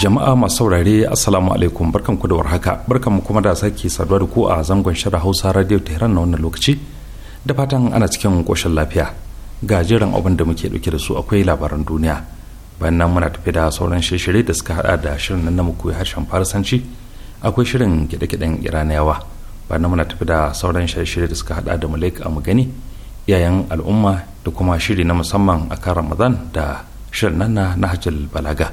jama'a masu saurare assalamu alaikum barkan ku da warhaka barkan mu kuma da sake saduwa da ku a zangon shirin hausa radio ta na wannan lokaci da fatan ana cikin koshin lafiya ga jiran abin da muke dauke da su akwai labaran duniya bayan nan muna tafi da sauran shirye da suka hada da shirin nan namu koyi harshen farsanci akwai shirin gida-gidan iraniyawa bayan nan muna tafi da sauran shirye da suka hada da malik a gani iyayen al'umma da kuma shiri na musamman a kan ramadan da shirin nan na hajjal balaga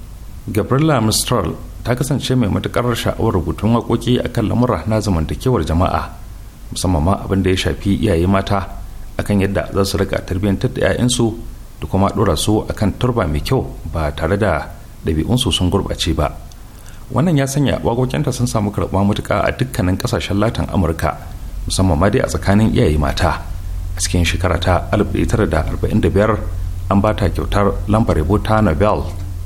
gabriela mistral ta kasance mai matukar sha'awar rubutun waƙoƙi kan lamura na zamantakewar jama'a musamman ma abin da ya shafi iyaye mata akan yadda za su rika tarbiyyantar da 'ya'yansu da kuma dora su akan turba mai kyau ba tare da ɗabi'unsu sun gurɓace ba wannan ya sanya waƙoƙinta sun samu karɓa matuƙa a dukkanin ƙasashen latin amurka musamman ma dai a tsakanin iyaye mata a cikin shekara ta 1945 an ba ta kyautar lambar rubuta nobel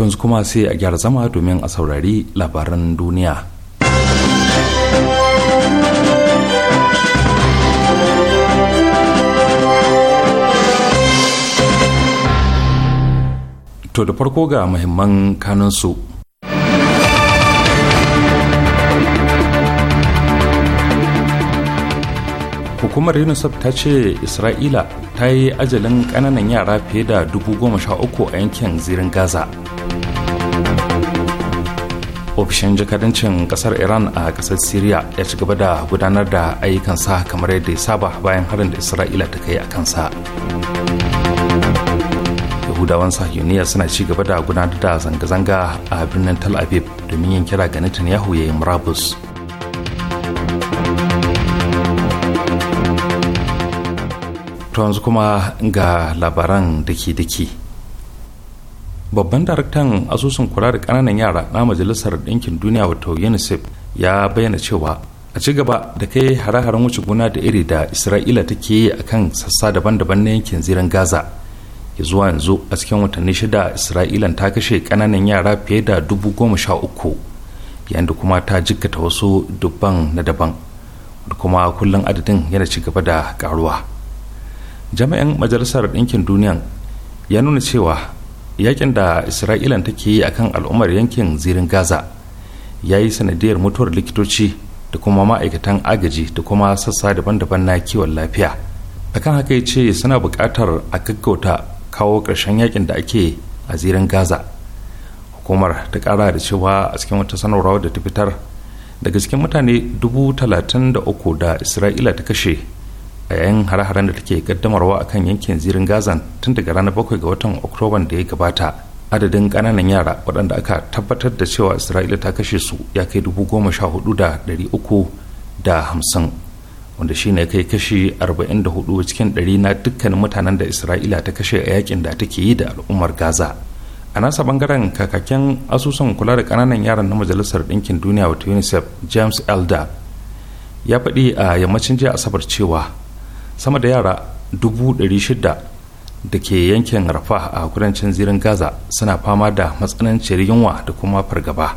To yanzu kuma sai a gyara zama domin a saurari labaran duniya. To da farko ga muhimman kanansu Hukumar UNICEF ta ce Isra'ila ta yi ajalin kananan yara fiye da dubu goma sha uku a yankin zirin gaza ofishin jakadancin kasar iran a kasar syria ya ci gaba da gudanar da ayyukansa kamar yadda ya saba bayan harin da isra'ila ta kai a kansa yahudawan sahiyoniya suna ci gaba da gudanar da zanga-zanga a birnin tel aviv domin yin kira ga netanyahu ya yi murabus to yanzu kuma ga labaran daki-daki babban daraktan asusun kula da kananan yara na majalisar ɗinkin duniya wato unicef ya bayyana cewa a ci gaba da kai hare-haren wuce gona da iri da isra'ila take yi a kan sassa daban-daban na yankin zirin gaza ya zuwa yanzu a cikin watanni shida isra'ila ta kashe kananan yara fiye da dubu goma sha uku yadda kuma ta jikkata wasu dubban na daban da kuma kullum adadin yana ci gaba da karuwa. jami'an majalisar ɗinkin duniyan ya nuna cewa yakin da isra'ila take yi akan al'ummar yankin zirin gaza ya yi sanadiyar mutuwar likitoci da kuma ma'aikatan agaji da kuma sassa daban-daban na kiwon lafiya akan haka ya ce suna buƙatar a gaggauta kawo ƙarshen yakin da ake a zirin gaza hukumar ta ƙara da cewa a cikin wata sanarwa da ta fitar daga cikin mutane dubu talatin da uku da isra'ila ta kashe a yayin hare-haren da take kaddamarwa a kan yankin zirin gazan tun daga ranar bakwai ga watan oktoban da ya gabata adadin kananan yara waɗanda aka tabbatar da cewa isra'ila ta kashe su ya kai dubu goma sha hudu da ɗari uku da hamsin wanda shi ne kai kashi arba'in da hudu cikin ɗari na dukkanin mutanen da isra'ila ta kashe a yakin da take yi da al'ummar gaza a nasa bangaren kakakken asusun kula da kananan yaran na majalisar ɗinkin duniya wato unicef james elder ya faɗi a yammacin jiya asabar cewa sama da yara dubu da ke yankin rafa a kudancin zirin gaza suna fama da matsananciyar yunwa da kuma fargaba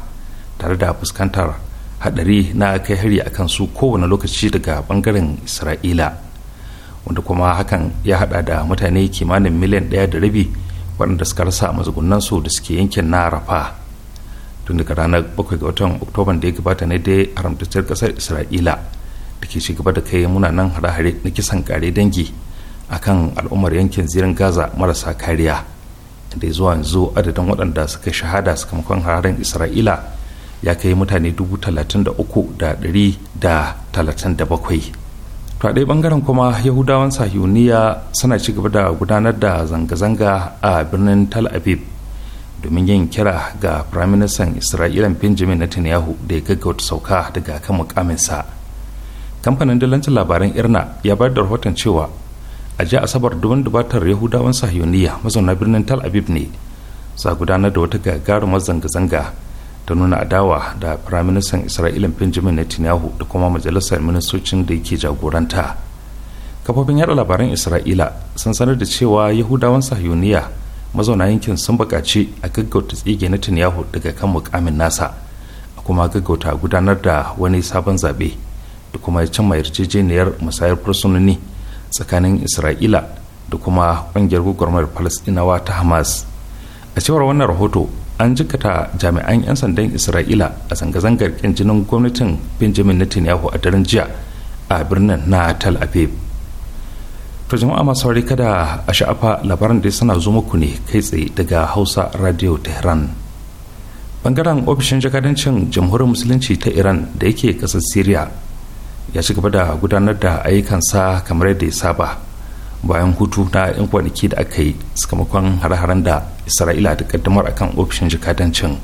tare da fuskantar hadari na kai hari a kansu kowane lokaci daga bangaren isra'ila wanda kuma hakan ya hada da mutane kimanin miliyan ɗaya da rabi waɗanda suka rasa su da suke yankin na rafa tun daga ranar 7 ga watan oktoban da ya gabata ne dai haramtattar ƙasar isra'ila da ke gaba da kai muna nan hare-hare na kisan kare dangi a kan al'ummar yankin zirin gaza marasa kariya da zuwa yanzu adadin waɗanda suka shahada sakamakon hararen isra'ila ya kai mutane dubu talatin da uku da ɗari da talatin da bakwai to a ɗaya ɓangaren kuma yahudawan sahiyuniya suna ci gaba da gudanar da zanga-zanga a birnin tal aviv domin yin kira ga firaministan isra'ilan benjamin netanyahu da ya gaggauta sauka daga kan mukaminsa kamfanin dalancin labaran irna ya bayar da rahoton cewa a ji asabar duban dubatar yahudawan sahiyoniya mazauna birnin tal aviv ne za gudanar da wata gagarumar zanga-zanga ta nuna adawa da firaministan isra'ila benjamin netanyahu da kuma majalisar ministocin da yake jagoranta kafofin yada labaran isra'ila sun sanar da cewa yahudawan sahiyoniya mazauna yankin sun bukaci a gaggauta tsige netanyahu daga kan mukamin nasa a kuma gaggauta gudanar da wani sabon zaɓe. da kuma cimma yarjejeniyar musayar fursunoni tsakanin isra'ila da kuma ƙungiyar gwagwarmar palestinawa ta hamas a cewar wannan rahoto an jikata jami'an 'yan sandan isra'ila a zanga-zangar kyan jinin gwamnatin benjamin netanyahu a daren jiya a birnin na tel aviv to jama'a masu kada a sha'afa labaran da suna zo muku ne kai tsaye daga hausa radio tehran bangaren ofishin jakadancin jamhuriyar musulunci ta iran da yake ƙasar syria ya ci gaba da gudanar da ayyukansa kamar yadda ya saba bayan hutu na 'yan kwanaki da aka yi sakamakon hare-haren da isra'ila ta kaddamar akan ofishin jikadancin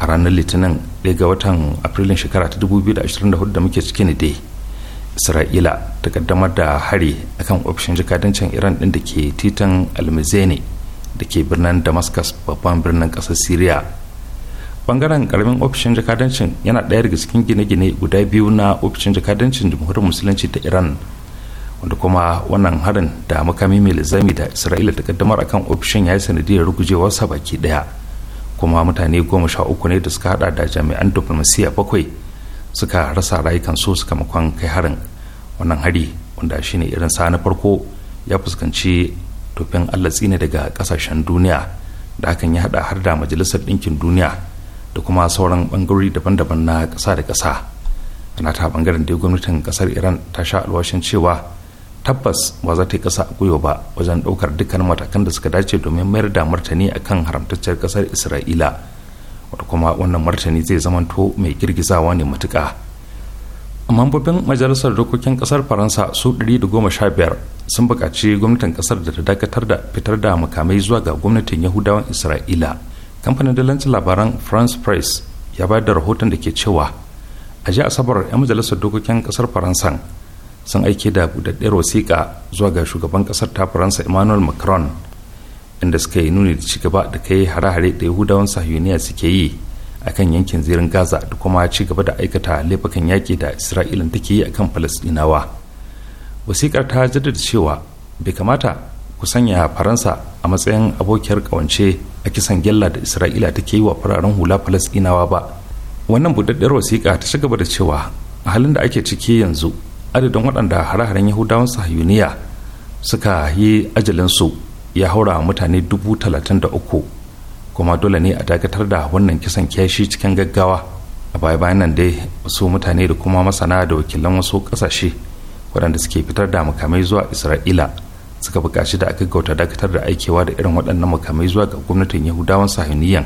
a ranar litinin ɗaya ga watan afrilun shekara ta 2024 da muke ciki ne dai isra'ila ta kaddamar da hari akan ofishin jikadancin iran ɗin da ke titan almazene da ke birnin damascus babban birnin ƙasar syria bangaren karamin ofishin jakadancin yana ɗaya daga cikin gine-gine guda biyu na ofishin jakadancin jamhuriyar musulunci ta iran wanda kuma wannan harin da makami mai lizami da isra'ila ta kaddamar akan ofishin ya yi sanadiyar rugujewarsa baki ɗaya kuma mutane goma sha uku ne da suka hada da jami'an diplomasiya bakwai suka rasa rayukan rayukansu sakamakon kai harin wannan hari wanda shine irin sa na farko ya fuskanci tofin allah tsine daga kasashen duniya da hakan ya hada har da majalisar ɗinkin duniya da kuma sauran bangarori daban-daban na ƙasa da ƙasa ana ta bangaren da gwamnatin ƙasar iran ta sha alwashin cewa tabbas ba za ta yi ƙasa a ba wajen ɗaukar dukkan matakan da suka dace domin mayar da martani a kan haramtacciyar ƙasar isra'ila wata kuma wannan martani zai zamanto mai girgizawa ne matuƙa mambobin majalisar dokokin kasar faransa su 115 sun buƙaci gwamnatin kasar da ta dakatar da fitar da makamai zuwa ga gwamnatin yahudawan isra'ila kamfanin dalancin labaran france press ya bayar da rahoton da ke cewa a ji asabar 'yan majalisar dokokin kasar faransa sun aiki da budaddiyar wasiƙa zuwa ga shugaban kasar ta faransa emmanuel macron inda suka yi nuni da cigaba da kai hare-hare da yahudawan sahiyoniya suke yi a kan yankin zirin gaza da kuma ci gaba da aikata laifukan yaƙi da isra'ila take yi a kan falasɗinawa wasiƙar ta jaddada cewa bai kamata ku sanya faransa a matsayin abokiyar ƙawance a kisan gyalla da isra'ila take yi wa fararen hula falasɗinawa ba wannan buɗaɗɗiyar wasiƙa ta ci da cewa a halin da ake ciki yanzu adadin waɗanda hare-haren yahudawan sahiyuniya suka yi ajalinsu ya haura mutane dubu talatin da uku kuma dole ne a dakatar da wannan kisan kyashi cikin gaggawa a baya bayan nan dai wasu mutane da kuma masana da wakilan wasu ƙasashe waɗanda suke fitar da mukamai zuwa isra'ila suka bukaci da aka gauta dakatar da aikewa da irin waɗannan makamai zuwa ga gwamnatin yahudawan sahiniyan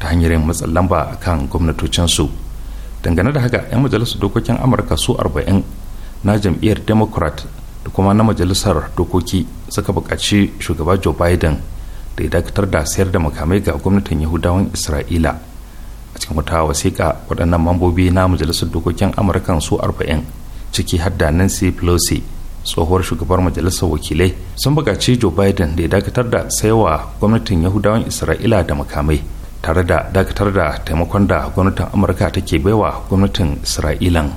ta hanyar yin matsin lamba a kan gwamnatocinsu dangane da haka 'yan majalisar dokokin amurka su arba'in na jam'iyyar democrat da kuma na majalisar dokoki suka bukaci shugaba joe biden da ya dakatar da sayar da makamai ga gwamnatin yahudawan isra'ila a cikin wata wasiƙa waɗannan mambobi na majalisar dokokin amurka su 40 ciki har da nancy pelosi tsohuwar shugabar majalisar wakilai sun buƙaci joe biden da ya dakatar da saiwa gwamnatin yahudawan isra'ila da makamai tare da dakatar da taimakon da gwamnatin amurka take baiwa gwamnatin isra'ilan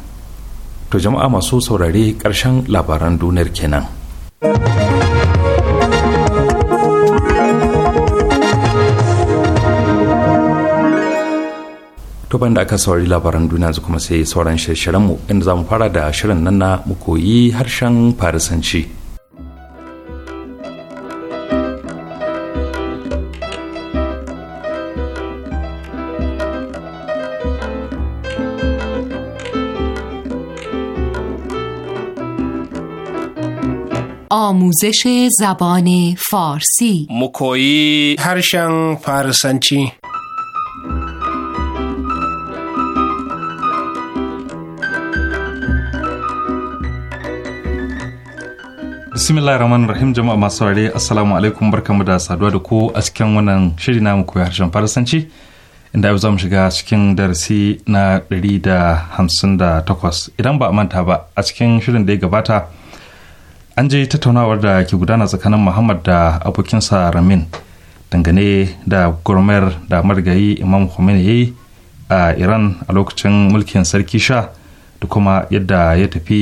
to jama'a masu saurare karshen labaran duniyar kenan. to bayan da aka saurari labaran duniya kuma sai sauran shirin mu inda za mu fara da shirin nan na mu koyi harshen farisanci آموزش زبان فارسی مکویی هرشن فارسنچی bismillah rahman rahim jama'a masu saurare assalamu alaikum barkamu da saduwa da ku a cikin wannan shiri namu koyi harshen farasanci inda yau za mu shiga cikin darasi na 158 idan ba a manta ba a cikin shirin da ya gabata an je tattaunawar da ke gudana tsakanin muhammad da abokinsa ramin dangane da gurmar da marigayi imam khomeini ya yi a iran a lokacin mulkin sarki sha da kuma yadda ya tafi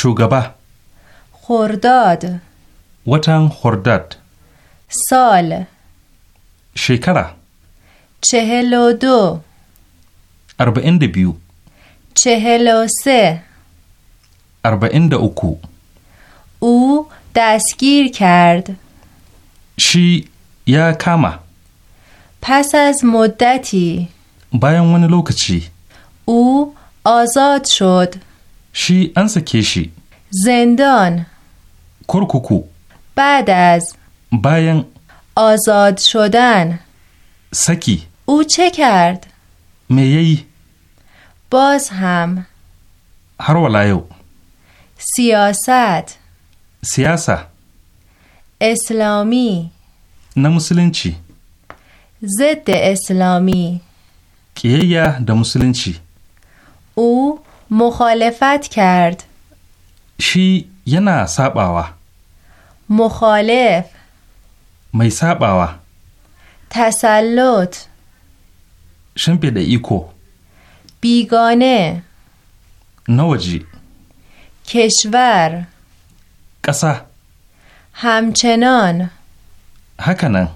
shugaba Hordad. watan Hordad. sol shekara cehelo do arba'in da biyu cehelo arba'in da uku u dasgir kard shi ya kama fasas az bayan wani lokaci u azad Shi an sake shi. Zendon. Kurkuku. Badaz. Bayan. Azad shodan. Saki. Ucekad. kard. Me yayi? Baz ham. Har wala yau. Siyasat. Siyasa. Islami. Na musulunci. Zidda Islami. Kiyayya da musulunci. U. مخالفت کرد شی ینا ساباو مخالف می ساباوا تسلط شمپیده ایکو بیگانه نوجی کشور همچنان هکنن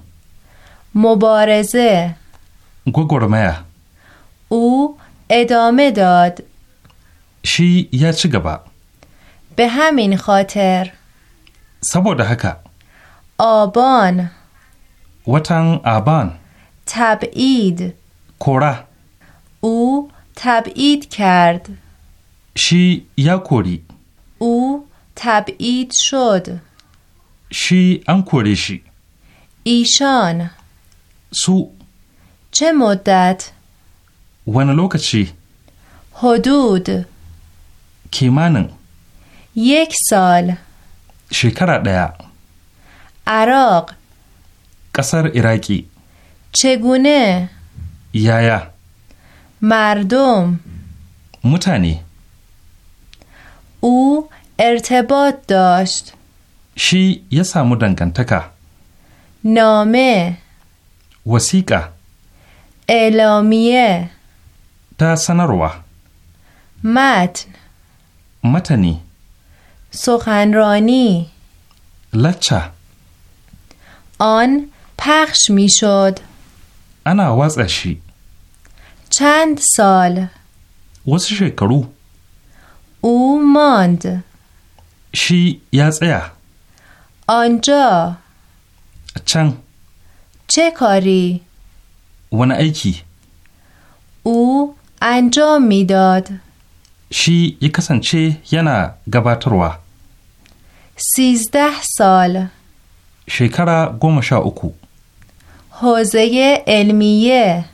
مبارزه او ادامه داد shi ya ci gaba. Behamin Hotel. Saboda haka. O'bon. Watan Aban. Tab'id. Kora. U tab'id kard. Shi ya kori. U tab'id shod. Shi an kore shi. Ishan. Su. چه مدت؟ وان لوکچی هدود kimanin Yeksol. shekara ɗaya arok ƙasar iraki cegune yaya mardom mutane u ertebot dasht shi ya samu dangantaka Nome. wasiƙa elamiye ta sanarwa Mat! متنی سخنرانی لچه آن پخش می شد انا وزشی چند سال وزش شکرو او ماند شی یزعه آنجا چند چه کاری؟ ون ایکی او انجام میداد. شی یک کسانچه ینا گباتروا سیزده سال شکر گمشا اکو حوزه علمیه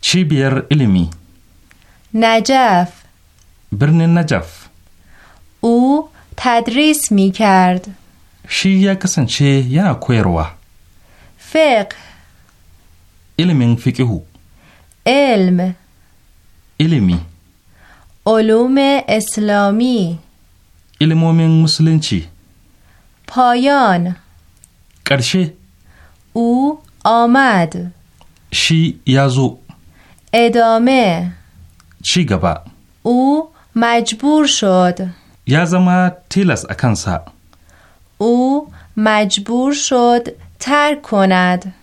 چی بیر علمی نجف برن نجف او تدریس می کرد شی یا کسانچه ینا کویروا فقه علم فقهو علم علمی علوم اسلامی علمومن چی؟ پایان کرشه او آمد شی یازو ادامه چی گبا او مجبور شد یازما تیلس اکنسا او مجبور شد ترک کند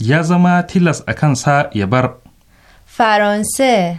یازما تیلس اکنسا یبر فرانسه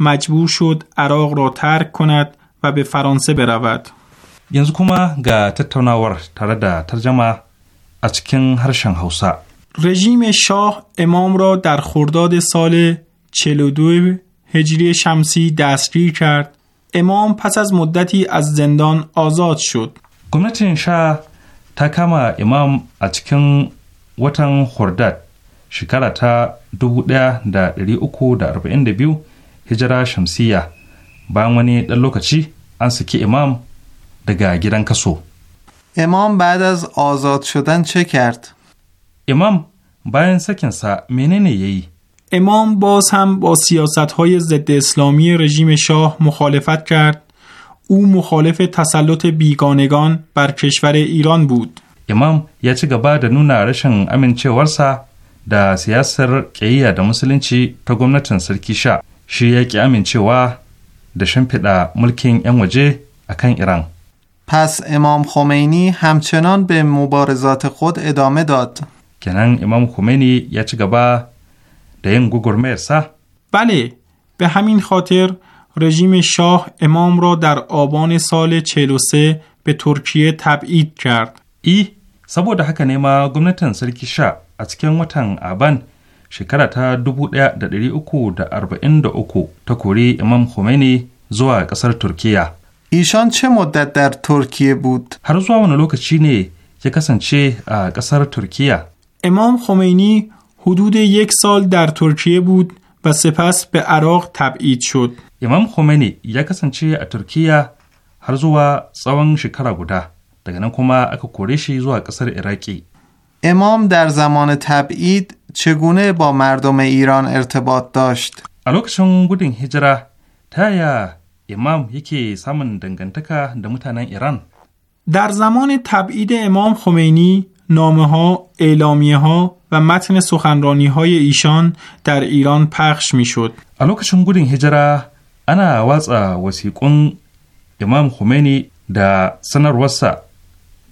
مجبور شد عراق را ترک کند و به فرانسه برود. یعنی گا تتوناور تردا ترجما اچکن رژیم شاه امام را در خرداد سال 42 هجری شمسی دستگیر کرد. امام پس از مدتی از زندان آزاد شد. گمنت شاه تا امام اچکن وطن خرداد. شکلتا دو دا در دا در ک جرا شمسییه به عنوانی در لوکچی؟ انس که ام دگهگیرن کسو امام بعد از آزاد شدن چه کرد؟ ام بعدسه کنسه منن ای؟ اماام باز هم با سیاست های ضد اسلامی رژیم شاه مخالفت کرد او مخالف تسلط بیگانگان بر کشور ایران بود امام یا که بعد نو نارشان امن چه ورسه در سیاس سر ک ای یا دو سلن چی توگممت کنصر کیشا؟ shi ya ki amincewa da shimfiɗa mulkin 'yan waje a kan Iran. پس امام خمینی همچنان به مبارزات خود ادامه داد. کنن امام خمینی یا چه گبا ده بله به همین خاطر رژیم شاه امام را در آبان سال 43 به ترکیه تبعید کرد. ای سبوده haka ne ma gwamnatin sarki sha a cikin watan shekara ta 1343 ta kori Imam Khomeini zuwa ƙasar Turkiyya. ایشان چه مدت در ترکیه بود؟ هر wani lokaci ne ya kasance a ƙasar Turkiyya. da خمینی حدود یک سال در ba su و سپس به عراق تبعید شد. Imam Khomeini ya kasance a Turkiyya har zuwa tsawon shekara guda. Daga nan kuma aka kore shi zuwa ƙasar Iraki. امام در زمان تبعید چگونه با مردم ایران ارتباط داشت؟ الوکشون گودین هجره تا امام یکی سامن دنگنتکا دمتان ایران در زمان تبعید امام خمینی نامه ها اعلامیه ها و متن سخنرانی های ایشان در ایران پخش می شد چون گودین هجره انا واسه وسیقون امام خمینی در سنر وسا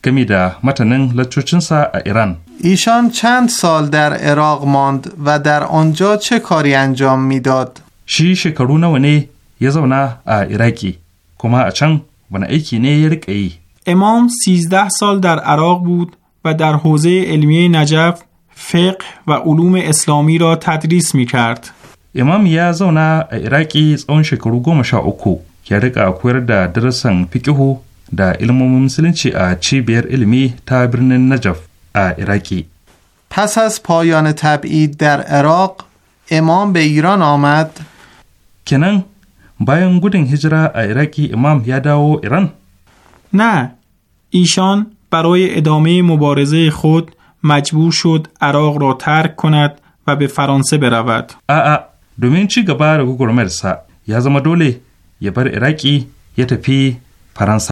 گمی ده متنن لچوچنسا ایران ایشان چند سال در عراق ماند و در آنجا چه کاری انجام میداد؟ شی شکرونه و نه یزونه ایراکی کما اچن و نه ایکی نه ای امام سیزده سال در عراق بود و در حوزه علمیه نجف فقه و علوم اسلامی را تدریس می کرد. امام یزونه زونه از اون شکرو گمشا اکو که رقا در درسن پیکهو da ilmomin musulunci a cibiyar ilimi ta birnin najaf پس از پایان تبعید در عراق امام به ایران آمد کنن بایان گودن هجرا عراقی امام یاداو ایران نه ایشان برای ادامه مبارزه خود مجبور شد عراق را ترک کند و به فرانسه برود ا دومین چی گبار گورمرسا یا زما دوله یه بر عراقی یه تپی فرانسه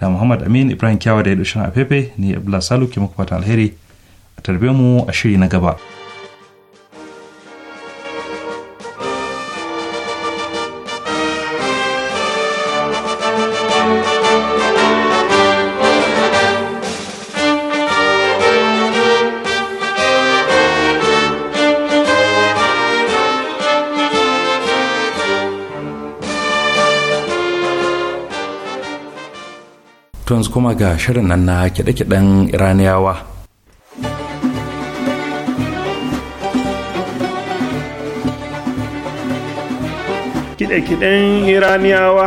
da muhammad amin ibrahim kyawa da ya dushe na fefe ni abdullahi salu ke muku fata alheri a tarbe mu a shiri na gaba. to kuma ga shirin nan na kiɗe-kiɗen iraniyawa kiɗe-kiɗen iraniyawa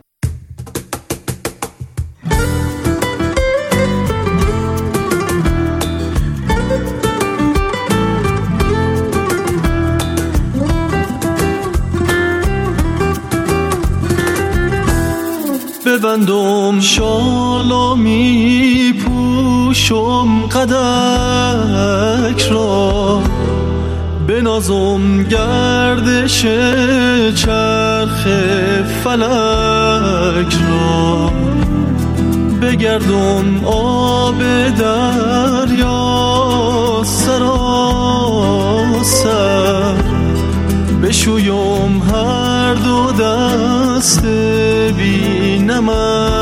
گندم شالا می پوشم قدک را به نازم گردش چرخ فلک را بگردم آب دریا سراسر بشویم هر دو دسته 那么。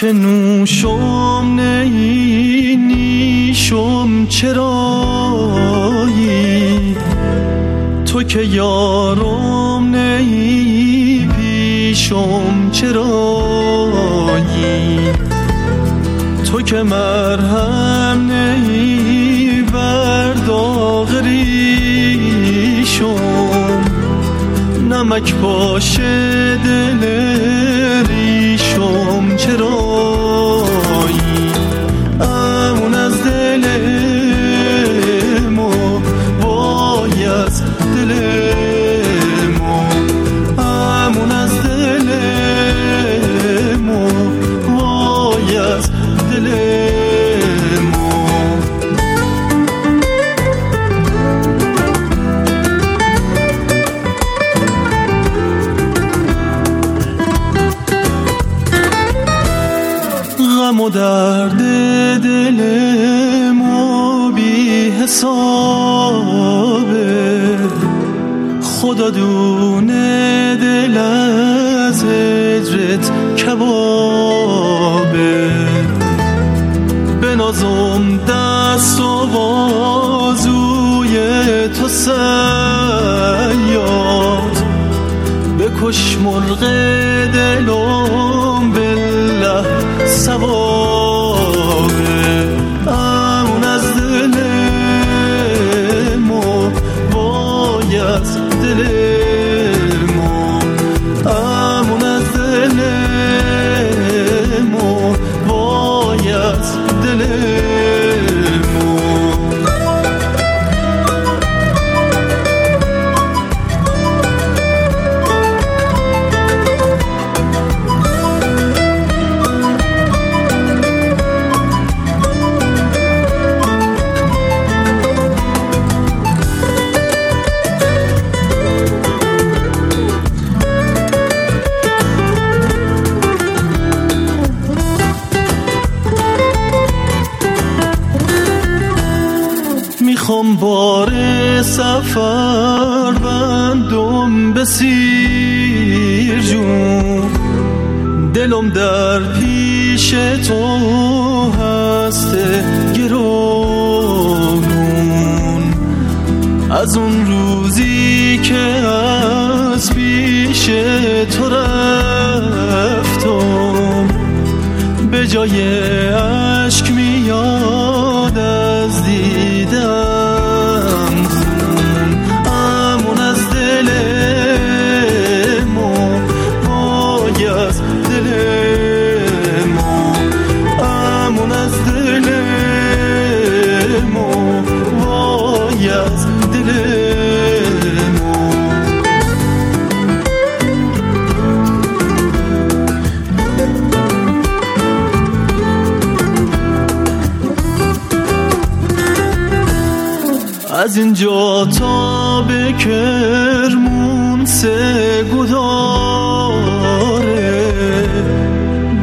که نوشم نی نیشم چرایی تو که یارم نی پیشم چرایی تو که مرهم بر داغ نمک باشه دلم سیاد بکش مرغ دلو سفر بندم به جون دلم در پیش تو هست گرون از اون روزی که از پیش تو رفتم به جای جا تا به کرمون سه گداره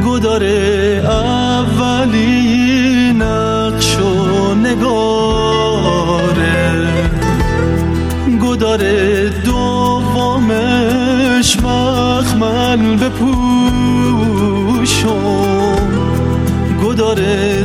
گداره اولی نقش و نگاره گداره دومش مخمل به پوشم گداره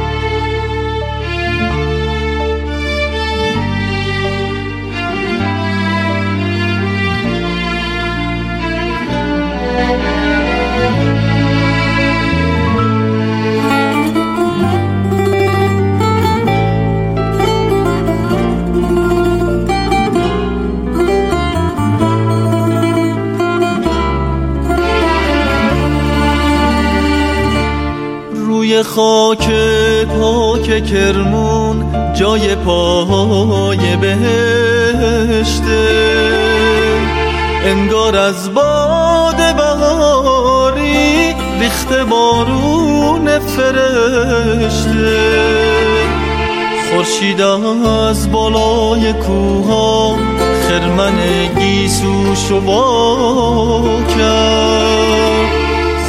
خاک پاک کرمون جای پاهای بهشته انگار از باد بهاری ریخته بارون فرشته خورشید از بالای کوها خرمن گیسو و کرد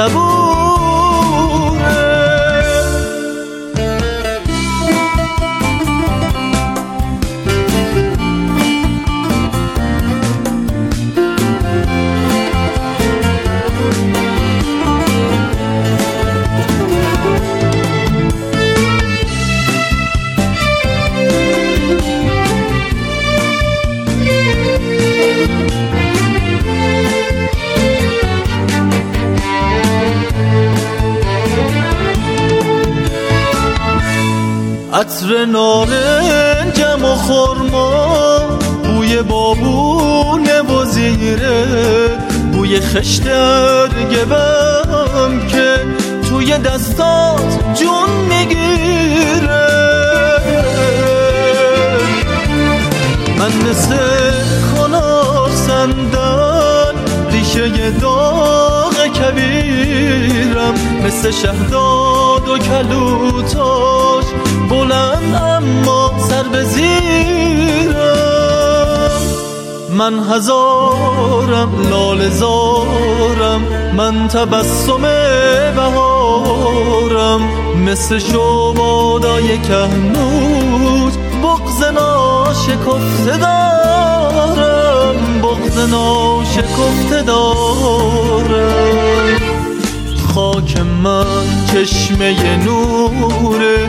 sabor. عطر نارنجم و خورما بوی بابون و زیره بوی خشت گبم که توی دستات جون میگیره من مثل کنار سندن ریشه داغ کبیرم مثل شهداد و کلوتاش کنم اما سر به زیرم من هزارم لال زارم من تبسم بهارم مثل شبادای کهنوت بغز ناشکفت دارم بغز ناشکفت دارم خاک من چشمه نوره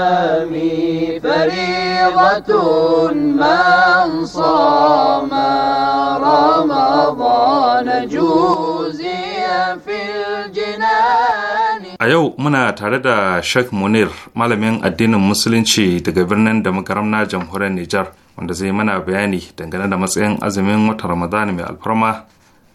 فريضة من صام رمضان جوزيا في الجنان A yau muna tare da Sheikh Munir, malamin addinin Musulunci daga birnin da na jamhuriyar Nijar, wanda zai mana bayani dangane da matsayin azumin wata Ramadan mai alfarma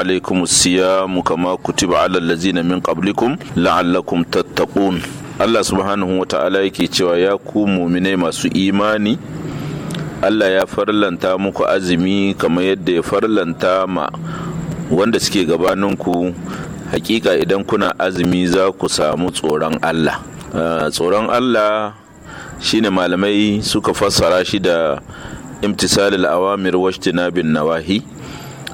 عليكم الصيام كما كتب على الذين من قبلكم لعلكم تتقون Allah subhanahu wa yake cewa ya ku muminai masu imani Allah ya farlanta muku azumi kamar yadda ya farlanta ma wanda suke gabaninku hakika idan kuna azumi za ku samu tsoron Allah ah, tsoron Allah shine malamai suka fassara shi da imtisalil awamir washtina bin nawahi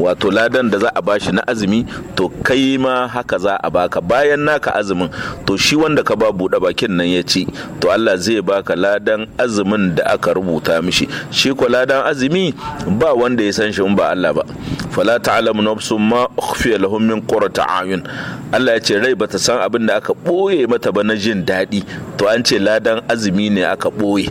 wato ladan da za a bashi na azumi to kai ma haka za a baka bayan naka azumin to shi wanda ka ba buɗe bakin nan ya ci to Allah zai baka ladan azumin da aka rubuta mishi shi ko ladan azumi ba wanda ya san shi ba Allah ba fala ta'lamu nafsun ma ukhfiya lahum min qurrati ayun Allah ya ce rai bata san abin da aka ɓoye mata ba na jin daɗi to an ce ladan azumi ne aka ɓoye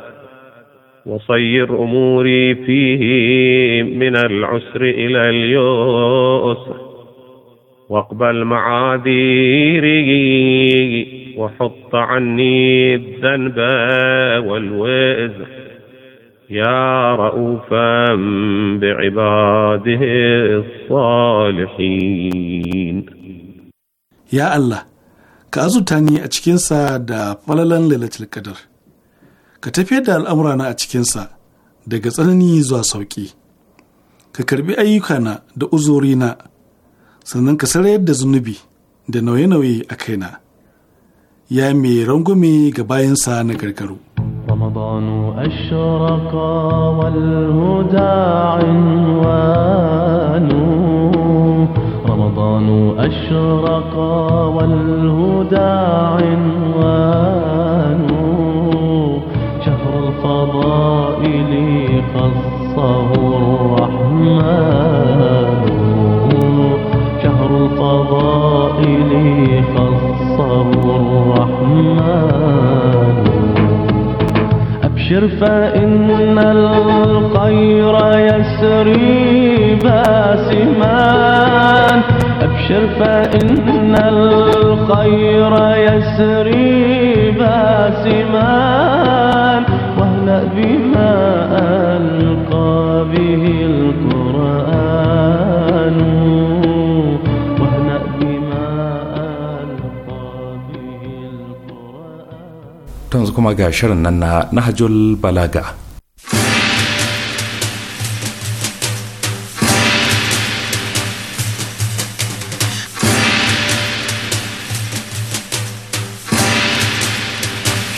وصير أموري فيه من العسر إلى اليسر واقبل معاذيري وحط عني الذنب والوزر يا رؤوفا بعباده الصالحين يا الله كأزو تاني أتشكين a cikinsa ليلة القدر ka tafiyar da al'amurana a cikinsa daga tsanani zuwa sauƙi ka karbi ayyukana da uzurina sannan ka sarayar da zunubi da nauye-nauye a kaina ya mai rangume ga bayansa na gargaru رمضان أشرق والهدى عنوان رمضان أشرق والهدى عنوان القائل خصه الرحمن شهر الفضائل خصه الرحمن أبشر فإن الخير يسري باسما أبشر فإن الخير يسري باسمان يملأ بما ألقى به القرآن واهنأ بما ألقى به القرآن تنزكم أجاشر أننا نهج البلاغة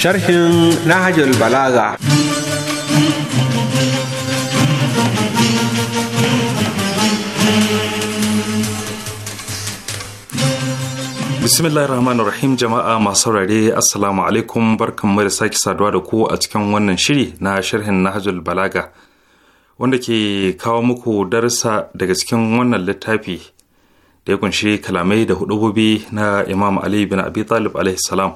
sharhin Nahajul Balaga. bismillahir rahmanir rahim jama'a masu rare assalamu alaikum barkanmu da sake saduwa da ku a cikin wannan shiri na sharhin nahjul balaga wanda ke kawo muku darsa daga cikin wannan littafi da ya kunshi kalamai da hudububi na imam ali bin abi talib alaihi salam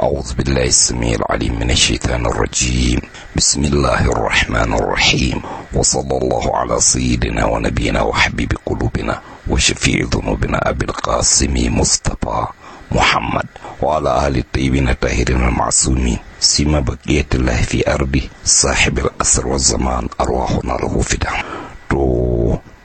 أعوذ بالله السميع العليم من الشيطان الرجيم بسم الله الرحمن الرحيم وصلى الله على سيدنا ونبينا وحبيب قلوبنا وشفيع ذنوبنا أبي القاسم مصطفى محمد وعلى آل الطيبين الطاهرين المعصومين سيما بقية الله في أربي صاحب الأسر والزمان أرواحنا له فدا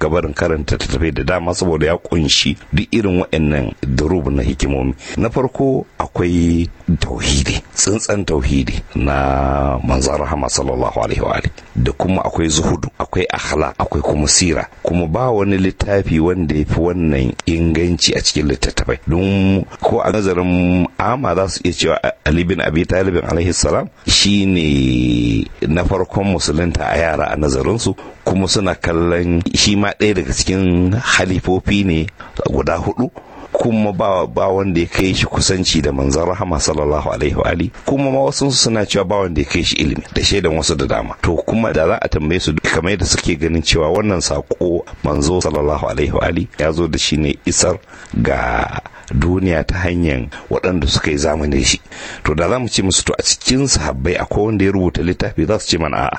gabarin karanta tafi da dama saboda ya kunshi duk irin waɗannan durub na hikimomi na farko a akwai tauhidi tsintsan tauhidi na manzan rahama sallallahu alaihi wa da kuma akwai zuhudu akwai akhla akwai kuma sira kuma ba wani littafi wanda ya fi wannan inganci a cikin littattafai don ko a nazarin ama za su iya cewa ali bin abi talibin alaihi salam shine na farkon musulunta a yara a nazarin su kuma suna kallon shi ma ɗaya daga cikin halifofi ne guda hudu kuma ba ba wanda ya kai shi kusanci da manzon rahama sallallahu alaihi wa ali kuma ma wasu suna cewa ba wanda ya kai shi ilimi da shaidan wasu da dama to kuma da za a tambaye su kamar yadda suke ganin cewa wannan sako manzo sallallahu alaihi wa ali ya zo da shi ne isar ga duniya ta hanyar waɗanda suka yi zamani shi to da za mu ce musu to a cikin sahabbai akwai wanda ya rubuta littafi za su ce mana a'a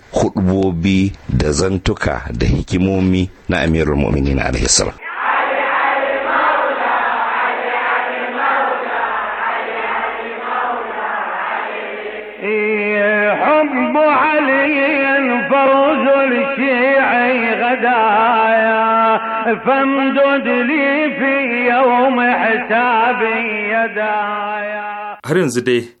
hudubobi da zantuka da hikimomi na amirul mu'minin alaihi حب علي فوز الشيعي غدايا فامدد لي في يوم حسابي يدايا har yanzu dai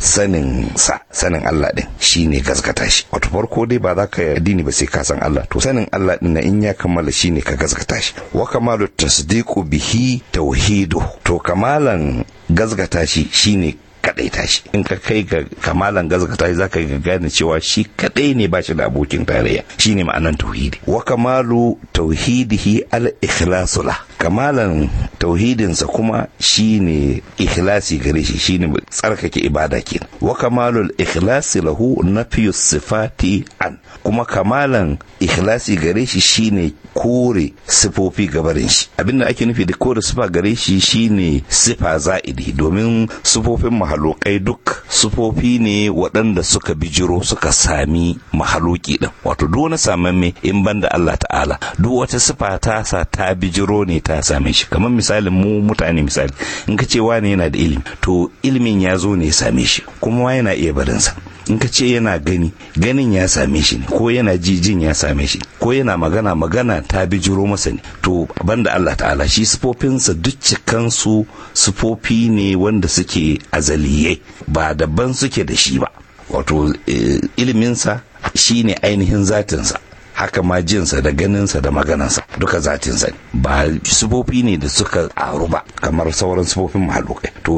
sanin sa sanin Allah din shine gaskata shi wato farko dai ba za ka yi addini ba sai ka san Allah to sanin Allah din na in ya kammala ne ka gaskata shi wa kamalu tasdiqu bihi tauhidu to kamalan gaskata shi shine kadai tashi in ka kai ga kamalan gazaka tashi zaka ga gane cewa shi kadai ne ba shi da abokin tarayya shine ma'anan tauhidi wa kamalu tauhidihi al ikhlasu la kamalan tauhidinsa kuma shine ikhlasi gare shi shine tsarkake ibada ke wa kamalul ikhlasi lahu nafiyus sifati an kuma kamalan ikhlasi gare shi shine kore sifofi gabarin shi abinda ake nufi da kore sifa gare shi shine sifa za'idi domin sifofin mahalukai duk sufofi ne waɗanda suka bijiro suka sami mahaloki ɗin wato duk wani samamme in ban da Allah ta'ala duk wata sifa ta sa ta bijiro ne ta same shi kamar misalin mu mutane misali in ka ce wane yana da ilimi to ilimin ya zo ne ya same shi kuma yana iya barinsa in ka ce yana gani ganin ya same shi ne ko yana jijin ya same shi ko yana magana magana ta bijiro masa ne to banda Allah ta'ala shi sufofinsa duk cikansu sufofi ne wanda suke azaliye ba daban suke da shi ba wato eh, iliminsa shine ainihin zatinsa haka ma jinsa da ganinsa da maganansa duka zatin ne ba sifofi ne da suka aru ba kamar sauran sifofin mahalukai to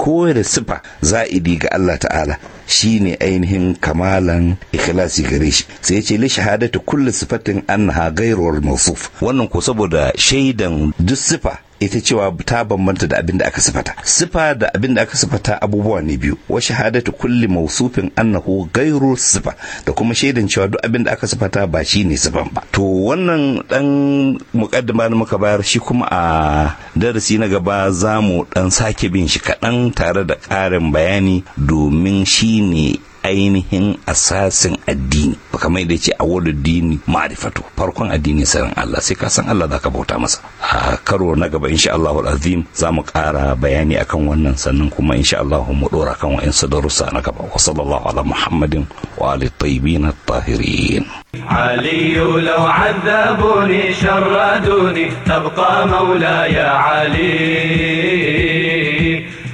kowane sifa za'idi ga Allah ta'ala shi ne ainihin kamalan ikhlasi gare shi sai ya ce li shahadatu kulli sifatin annaha ghayrul mawsuf wannan ko saboda shaidan duk sifa ita cewa ta bambanta da abin da aka sifata sifa da abin da aka sifata abubuwa ne biyu wa shahadatu kulli mawsufin annahu ghairu sifa da kuma shaidan cewa duk abin da aka sifata ba shi ne sifan ba to wannan dan mukaddama da muka bayar shi kuma a darasi na gaba za mu dan sake bin shi kadan tare da karin bayani domin shine ainihin asasin addini kamar da ce a wadda dini ma'arifatu farkon addini sanin Allah sai ka san Allah za ka bauta masa a karo na gaba insha Allah azim za mu kara bayani akan wannan sannan kuma insha Allah mu dora kan wa'insu darussa na gaba wa sallallahu ala muhammadin wa ali tayyibin tahirin علي لو عذبوني شردوني تبقى مولاي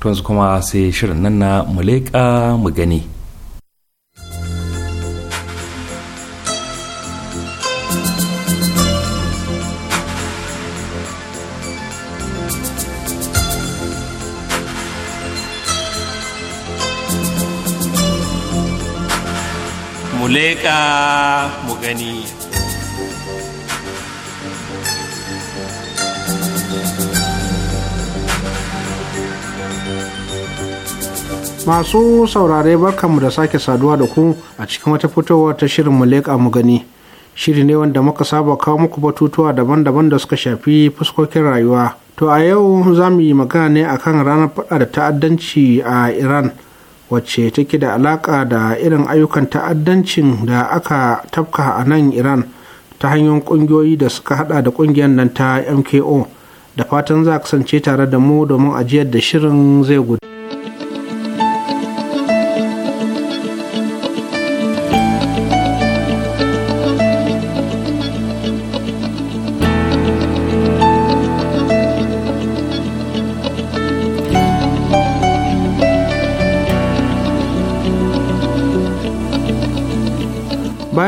to kuma sai shirin nan na muleka mu gani muleka mu gani masu saurare barkanmu da sake saduwa da ku a cikin wata fitowar ta shirin mu a mu gani shiri ne wanda muka saba kawo muku batutuwa daban-daban da suka shafi fuskokin rayuwa to a yau za mu yi magana ne akan ranar fada da ta'addanci a iran wacce take da alaka da irin ayyukan ta'addancin da aka tafka a nan iran ta hanyoyin ƙungiyoyi da suka hada da kungiyar nan ta mko da fatan za kasance tare da mu domin ajiyar da shirin zai gudu.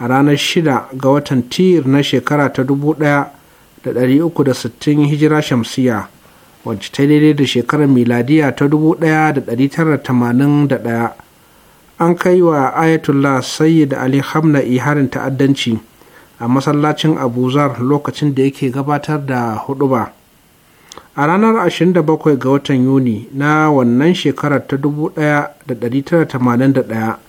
a ranar shida ga watan tir na shekara ta 1360 hijira shamsiya wacce ta daidai da shekarar miladiya ta 1981 an kai wa ayatollah sayyid ali hamna'i iharin ta'addanci a masallacin abuzar lokacin da yake gabatar da huduba a ranar 27 ga watan yuni na wannan shekarar ta 1981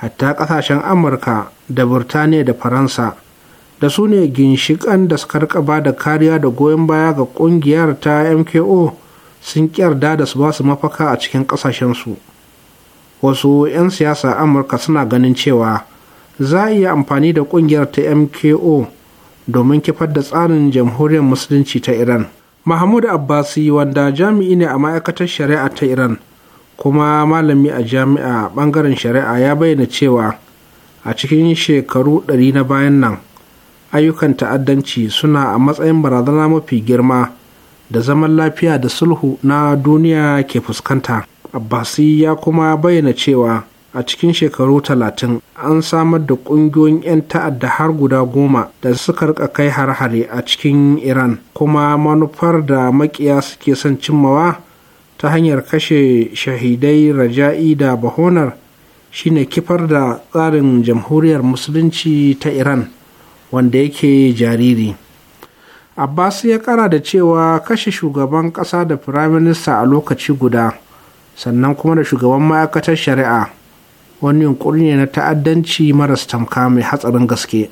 hatta kasashen amurka da burtaniya da faransa da su ne ginshikan da suka ba da kariya da goyon baya ga kungiyar ta mko sun kyarda da su ba su mafaka a cikin kasashensu wasu 'yan siyasa amurka suna ganin cewa za a iya amfani da kungiyar ta mko domin kifar da tsarin jamhuriyar musulunci ta iran mahmud abbasi wanda jami'i ne a ma'aikatar shari'a ta iran kuma malami a jami'a bangaren shari'a ya bayyana cewa a cikin shekaru ɗari na bayan nan ayyukan ta'addanci suna a matsayin barazana mafi girma da zaman lafiya da sulhu na duniya ke fuskanta abbasi ya kuma bayyana cewa a cikin shekaru talatin an samar da ƙungiyoyin 'yan ta'adda har guda goma da suka rika kai har-hare a cikin iran kuma manufar da makiya suke son cimmawa ta hanyar kashe shahidai raja'i da bahonar shine kifar da tsarin jamhuriyar musulunci ta iran wanda yake jariri abbas ya kara da cewa kashe shugaban kasa da firaminista a lokaci guda sannan kuma da shugaban ma'aikatar shari'a wani yunkuri ne na ta'addanci maras tamka mai hatsarin gaske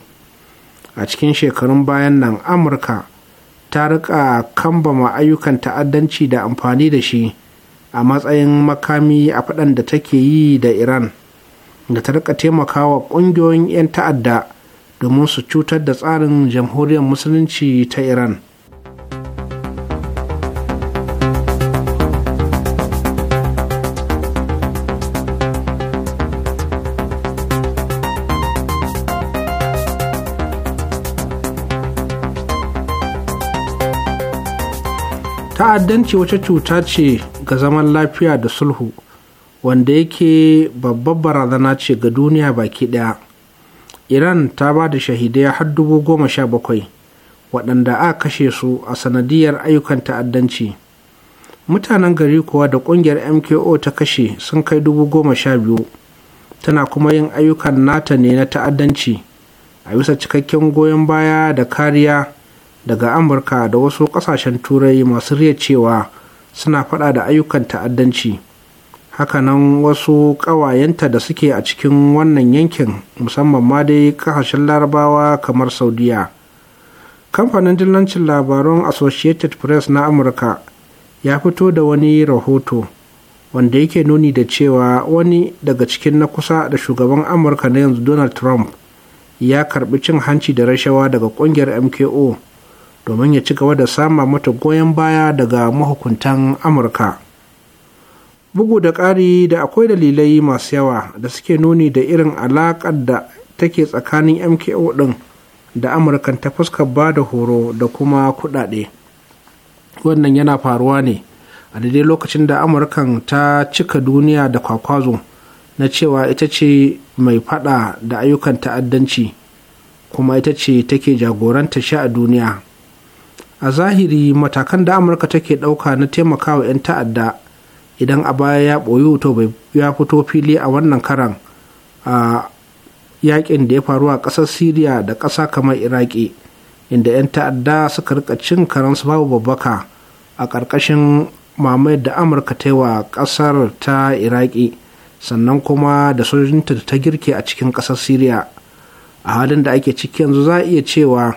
a cikin shekarun bayan nan amurka ta rika kambama ayyukan ta'addanci da amfani da shi a matsayin makami a faɗan da take yi da iran da ta rika taimakawa ƙungiyoyin 'yan ta'adda domin su cutar da tsarin jamhuriyar musulunci ta iran ta'addanci wace cuta ce ga zaman lafiya da sulhu wanda yake babbar barazana ce ga duniya baki daya iran ta ba da shahidai har dubu goma sha bakwai waɗanda a kashe su a sanadiyar ayyukan ta'addanci mutanen gari kuwa da ƙungiyar mko ta kashe sun kai dubu goma sha biyu tana kuma yin ayyukan nata ne na ta'addanci a bisa cikakken goyon baya da kariya daga amurka da wasu kasashen turai masu riya cewa suna fada da ayyukan ta'addanci hakanan wasu ƙawayenta da suke a cikin wannan yankin musamman ma dai kasashen larabawa kamar saudiya kamfanin dillancin labarun associated press na amurka ya fito da wani rahoto wanda yake nuni da cewa wani daga cikin na kusa da shugaban amurka na yanzu donald trump ya karbi cin hanci da rashawa daga kungiyar mko domin ya ci gaba da sama mata goyon baya daga mahukuntan amurka bugu da ƙari da akwai dalilai masu yawa da suke nuni da irin alaƙar da take tsakanin mko ɗin da amurkan ta fuska ba da horo da kuma kuɗaɗe wannan yana faruwa ne a daidai lokacin da amurkan ta cika duniya da kwakwazo na cewa ita ce mai fada da ayyukan ta'addanci kuma ita ce take jagoranta shi a duniya a zahiri matakan da amurka take ɗauka na taimakawa 'yan ta'adda idan a baya ya ɓoyi wuto bai ya fito fili a wannan karan a yakin da ya faru a ƙasar syria da ƙasa kamar iraki inda 'yan ta'adda suka rika cin karan su babu babbaka a ƙarƙashin mamayar da amurka ta yi wa ƙasar ta iraki sannan kuma da sojojinta ta girke a cikin ƙasar syria a halin da ake ciki yanzu za a iya cewa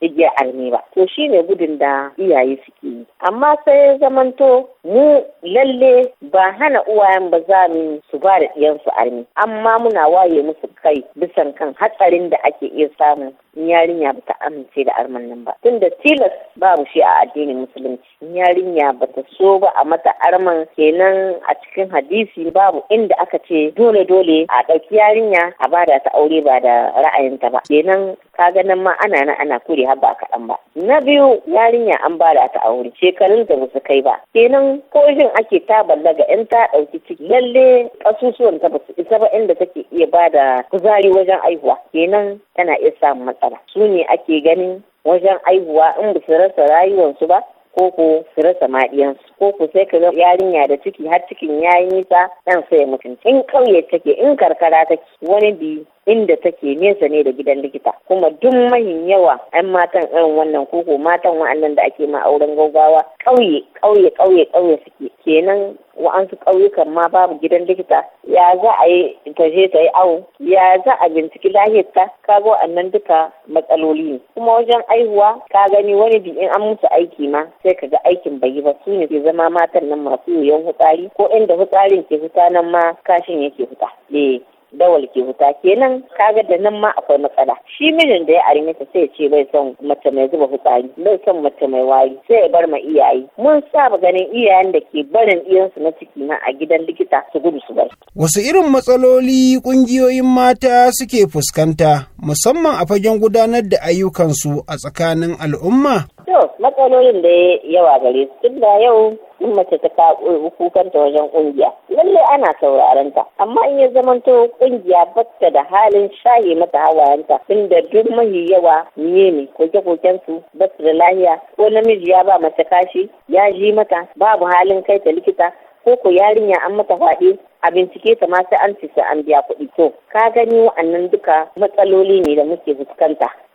igiyar alme ba to shine gudun da iyaye suke yi amma sai zamanto mu lalle ba hana uwayen ba za mu su ba da ɗiyansu alme amma muna waye musu kai bisan kan hatsarin da ake iya samu yarinya ba ta amince da arman nan ba tun da tilas babu shi a addinin musulunci yarinya ba ta so ba a mata arman kenan a cikin hadisi babu inda aka ce dole dole a ɗauki yarinya a da ta aure ba da ra'ayinta ba kenan ka ganin ma ana nan ana kure har ba kaɗan ba na biyu yarinya an ba da ta aure shekarun da ba su kai ba kenan ko ake ta ballaga in ta ɗauki ciki lalle ƙasusuwan ta ba su isa ba inda take iya ba da kuzari wajen aihuwa kenan tana iya samun matsala su ne ake ganin wajen aihuwa in ba su rasa rayuwarsu ba ko ko su rasa maɗiyansu ko ko sai ka ga yarinya da ciki har cikin yayi nisa ɗan sai mutum in ƙauye take in karkara take wani bi inda take nesa ne da gidan likita kuma duk mahin yawa 'yan matan irin wannan koko matan wa'annan da ake ma auren gaugawa ƙauye ƙauye ƙauye ƙauye suke kenan wa'ansu ƙauyukan ma babu gidan likita ya za a yi ta je ta yi awo ya za a binciki lahiyar ta ga wa'annan duka matsaloli ne kuma wajen aihuwa ka gani wani bi in an musu aiki ma sai ka ga aikin bai yi ba su ne ke zama matan nan masu yoyon hutsari ko inda fitsarin ke fita nan ma kashin yake fita eh dawal ke huta kenan kaga da nan ma akwai matsala shi mijin da ya arme ta sai ce bai son mace mai zuba fitsari bai son mace mai wari sai ya bar ma iyaye mun saba ganin iyayen da ke barin iyansu na ciki na a gidan likita su gudu su bar wasu irin matsaloli kungiyoyin mata suke fuskanta musamman a fagen gudanar da ayyukansu a tsakanin al'umma To, matsalolin da yawa gare su tun da yau sun mace ta kukanta wajen kungiya. Lalle ana sauraron ta, amma in ya zamanto kungiya bata da halin shaye mata hawayenta inda duk mahi yawa niye ne koke-koken su basu da lahiya ko namiji ya ba mace kashi ya ji mata babu halin kai ta likita ko ko yarinya an mata faɗi a bincike ta ma sai an ci sai an biya kuɗi to ka gani wa'annan duka matsaloli ne da muke fuskanta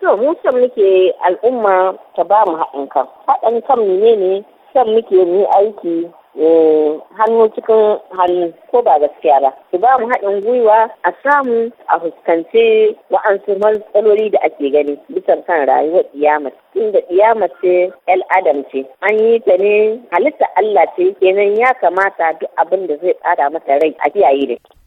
To mu san muke al'umma ta ba mu haɗin kan. Haɗin kan ne ne muke mu aiki eh, hannu cikin hannu ko ba gaskiya ba. Ku ba mu haɗin gwiwa a samu a fuskanci wa'ansu matsaloli da ake gani bisa kan rayuwar ƙiyamar. Inda ƙiyamar ce ‘yal Adam ce, an yi ta ne halitta Allah ce kenan ya kamata duk abin da zai ƙara mata rai a kiyaye da shi.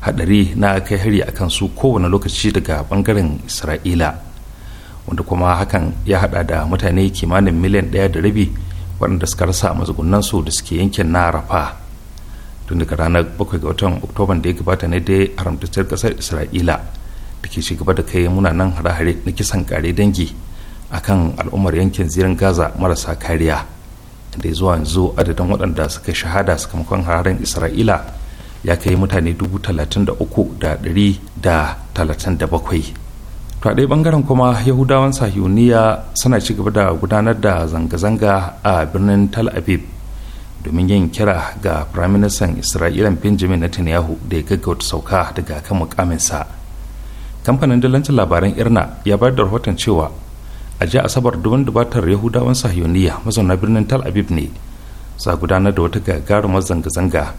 hadari na kai hari akan su kowane lokaci daga bangaren isra'ila wanda kuma hakan ya hada da mutane kimanin miliyan ɗaya da rabi waɗanda suka rasa mazugunan su da suke yankin na rafa tun daga ranar 7 ga watan oktoban da ya gabata ne dai haramtattar ƙasar isra'ila da ke shigaba da kai munanan hare-hare na kisan kare dangi akan al'ummar yankin ziran gaza marasa kariya da zuwa yanzu adadin waɗanda suka shahada sakamakon hararen isra'ila ya kai mutane dubu talatin da uku da ɗari da talatin da bakwai to a ɗaya ɓangaren kuma yahudawan sahiyuniya suna ci gaba da gudanar da zanga-zanga a birnin tal aviv domin yin kira ga firaministan isra'ilan benjamin netanyahu da ya gaggauta sauka daga kan mukaminsa kamfanin dalancin labaran irna ya bayar da rahoton cewa a jiya asabar dubin dubatar yahudawan sahiyuniya mazauna birnin tal aviv ne za gudanar da wata gagarumar zanga-zanga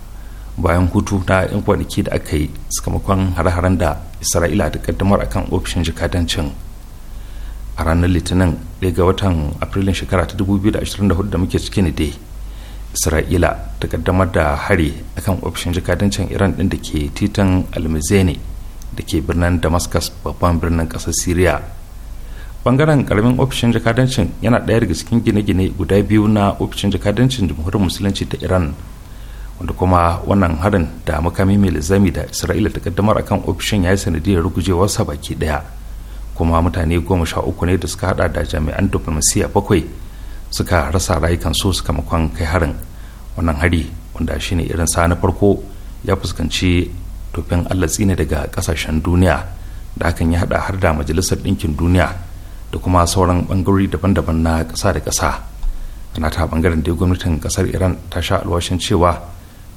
bayan hutu na 'yan kwanaki da aka yi sakamakon hare-haren da isra'ila ta kaddamar akan ofishin jikadancin a ranar litinin daya ga watan afrilun shekara ta 2024 da muke cikin ne isra'ila ta kaddamar da hari akan ofishin jikadancin iran din da ke titan almazene da ke birnin damascus babban birnin kasar syria bangaren karamin ofishin jakadancin yana ɗaya daga cikin gine-gine guda biyu na ofishin jakadancin jamhuriyar musulunci ta iran wanda kuma wannan harin da makami mai lizami da isra'ila ta kaddamar akan ofishin ya yi sanadiyar rugujewarsa baki daya kuma mutane goma sha uku ne da suka hada da jami'an diplomasiya bakwai suka rasa rayukan rayukansu makon kai harin wannan hari wanda shine irin sa na farko ya fuskanci tofin allah tsini daga kasashen duniya da hakan ya hada har da majalisar ɗinkin duniya da kuma sauran bangarori daban-daban na ƙasa da ƙasa ana ta bangaren dai gwamnatin ƙasar iran ta sha alwashin cewa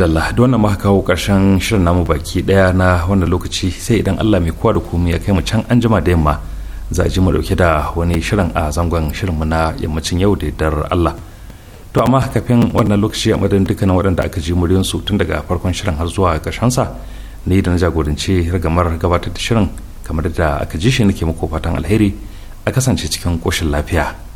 madalla da wannan muka kawo karshen shirin namu baki daya na wannan lokaci sai idan allah mai kowa da komai ya kai mu can an jima da yamma za ji mu dauke da wani shirin a zangon shirinmu na yammacin yau da dar allah to amma kafin wannan lokaci a madadin dukkanin waɗanda aka ji su tun daga farkon shirin har zuwa sa ne da na jagoranci ragamar gabatar da shirin kamar da aka ji shi nake muku fatan alheri a kasance cikin koshin lafiya